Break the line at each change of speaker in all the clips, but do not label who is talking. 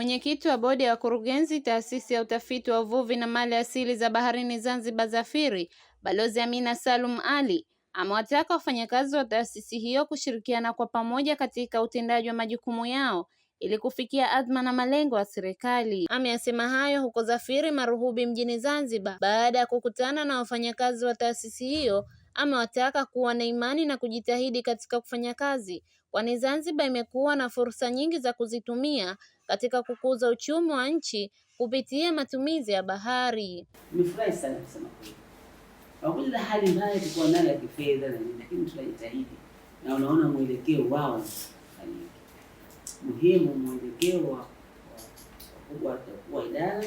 Mwenyekiti wa bodi ya wakurugenzi taasisi ya utafiti wa uvuvi na mali asili za baharini Zanzibar ZAFIRI Balozi Amina Salum Ali amewataka wafanyakazi wa taasisi hiyo kushirikiana kwa pamoja katika utendaji wa majukumu yao ili kufikia azma na malengo ya serikali.
Ameyasema hayo huko ZAFIRI Maruhubi mjini Zanzibar baada ya kukutana na wafanyakazi wa taasisi hiyo. Amewataka kuwa na imani na kujitahidi katika kufanya kazi, kwani Zanzibar imekuwa na fursa nyingi za kuzitumia katika kukuza uchumi wa nchi kupitia matumizi ya bahari.
Nimefurahi sana kusema kweli, pamoja na hali mbaya tulikuwa nayo ya kifedha, lakini tunajitahidi na unaona mwelekeo wao muhimu, mwelekeo wa wakubwa wa idara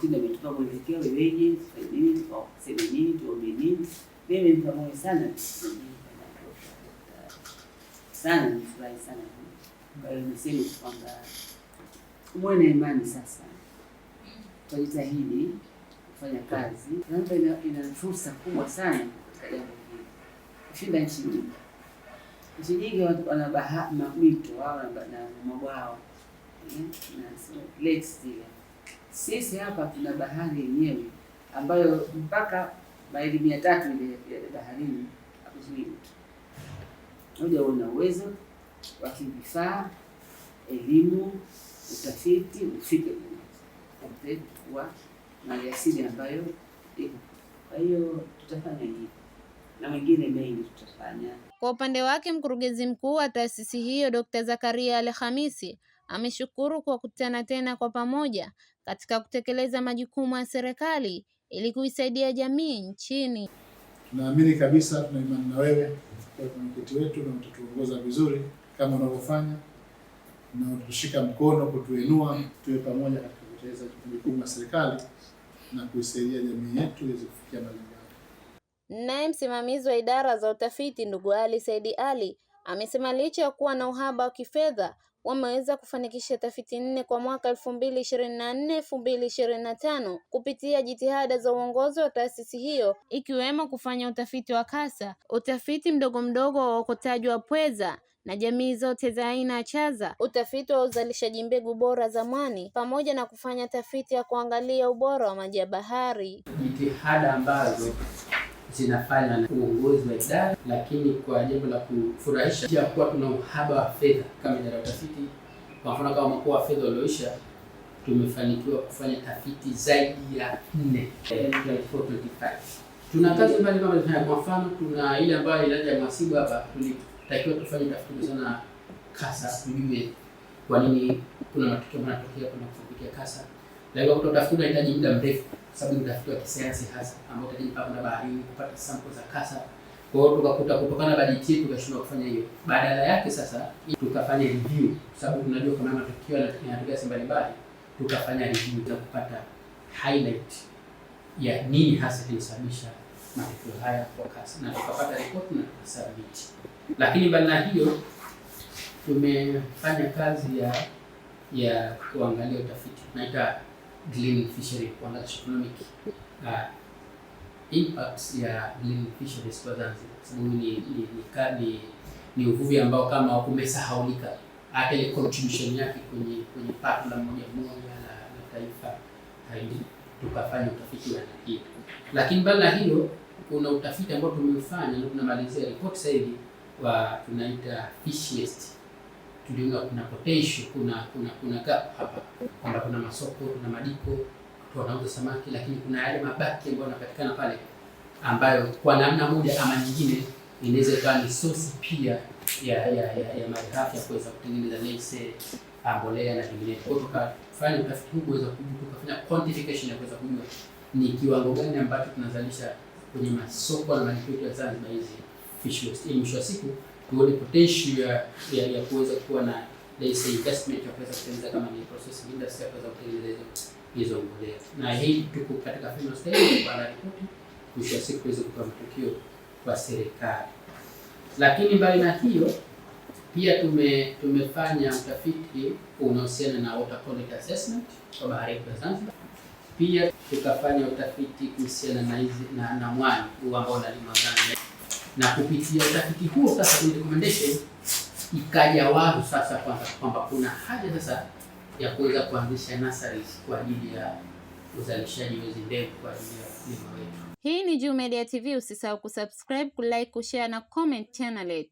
kitu wametupa mwelekeo iweje, tuseme nini, tuombe nini. Mimi ni pamoja sana sana, nifurahi sana. Kwa hiyo niseme kwamba Muwe na imani sasa, wajitahidi kufanya kazi. Zanzibar ina, ina fursa kubwa sana katika jambo hili kushinda nchi nyingi. Nchi nyingi wana mito au na mabwawa eh, na lakes zile. Sisi hapa tuna bahari yenyewe ambayo mpaka maili mia tatu ile baharini akuzuii mtu moja. Una uwezo wa kivifaa, elimu utafiti ufike kwenye wa maliasili ambayo iko. Kwa hiyo tutafanya hivyo na mengine mengi tutafanya.
Kwa upande wake, mkurugenzi mkuu wa taasisi hiyo Dr. Zakaria Al-Khamisi ameshukuru kwa kukutana tena kwa pamoja katika kutekeleza majukumu ya serikali ili kuisaidia jamii nchini.
Tunaamini kabisa, tuna imani na wewe kwa mwenyekiti wetu na utatuongoza vizuri kama unavyofanya na kutushika mkono, kutuinua, mm. tuwe pamoja katika kutekeleza jukumu kubwa la serikali na kuisaidia jamii yetu iweze kufikia malengo yake.
Naye msimamizi wa idara za utafiti ndugu Ali Saidi Ali amesema licha ya kuwa na uhaba wa kifedha wameweza kufanikisha tafiti nne kwa mwaka elfu mbili ishirini na nne elfu mbili ishirini na tano kupitia jitihada za uongozi wa taasisi hiyo ikiwemo kufanya utafiti wa kasa, utafiti mdogo mdogo wa uokotaji wa pweza na jamii zote za aina ya chaza, utafiti wa uzalishaji mbegu bora za mwani, pamoja na kufanya tafiti ya kuangalia ubora wa maji ya bahari,
jitihada ambazo zinafanywa na uongozi wa idara. Lakini kwa jambo la kufurahisha ya kuwa tuna uhaba wa fedha kama idara ya utafiti, kwa mfano kama mkoa wa fedha ulioisha tumefanikiwa kufanya tafiti zaidi ya nne. Tuna kazi mbalimbali tunafanya, kwa mfano tuna ile ambayo inaja masibu hapa tunatakiwa tufanye tafiti sana kasa, tujue kwa nini kuna matukio yanatokea, kuna kufikia kasa. Lengo kutoa tafiti inahitaji muda mrefu, sababu utafiti wa kisayansi hasa ambao tunahitaji kwenda baharini kupata sample za kasa. Kwa hiyo tukakuta kutokana na bajeti yetu tukashindwa kufanya hiyo. Badala yake sasa tukafanya review, sababu tunajua kuna matukio yanatokea sehemu mbalimbali, tukafanya review na kupata highlight ya nini hasa kilisababisha matukio haya kwa kasa na tukapata ripoti na tukasubmit. Lakini na hiyo tumefanya kazi ya ya kuangalia utafiti tunaita Green Fishery Economic uh, impacts ya Green Fisheries kwa Zanzibar, sababu ni ni, ni, ni uvuvi ambao kama umesahaulika, hata ile contribution yake kwenye kwenye pato la moja moja la, la taifa haidi, tukafanya utafiti wa hiyo. Lakini na hiyo kuna utafiti ambao tumeufanya na tunamalizia ripoti sasa hivi wa tunaita fishiest, tuliona kuna potential, kuna kuna kuna gap hapa kwamba kuna masoko, kuna madiko wanauza samaki, lakini kuna yale mabaki ambayo yanapatikana pale ambayo kwa namna moja ama nyingine inaweza ikawa ni source pia ya ya ya, ya malighafi ya kuweza kutengeneza leise, ah, mbolea na vingine. Kwa hiyo tukafanya utafiti huu kuweza tukafanya quantification ya kuweza kujua ni kiwango gani ambacho tunazalisha kwenye masoko na madiko ya Zanzibar hizi ili mwisho wa siku tuone potential ya, ya, ya kuweza kuwa na let's say investment ya kuweza kutengeneza kama ni processing industry ya kuweza kutengeneza hizo mbolea, na hii tuko katika final stage baada ya ripoti mwisho wa siku kuweza kutoa matokeo kwa serikali. Lakini mbali na hiyo pia tume, tumefanya utafiti unaohusiana na water quality assessment kwa bahari ya Zanzibar. Pia tukafanya utafiti kuhusiana na, na, na mwani ambao unalimwa Zanzibar na kupitia utafiti huo sasa kwenye recommendation ikaja wazo sasa kwamba kuna haja sasa ya kuweza kuanzisha nurseries kwa ajili ya uzalishaji wa hizi mbegu kwa ajili ya wakulima wetu.
Hii ni Juu Media TV, usisahau kusubscribe, kulike, kushare na comment channel yetu.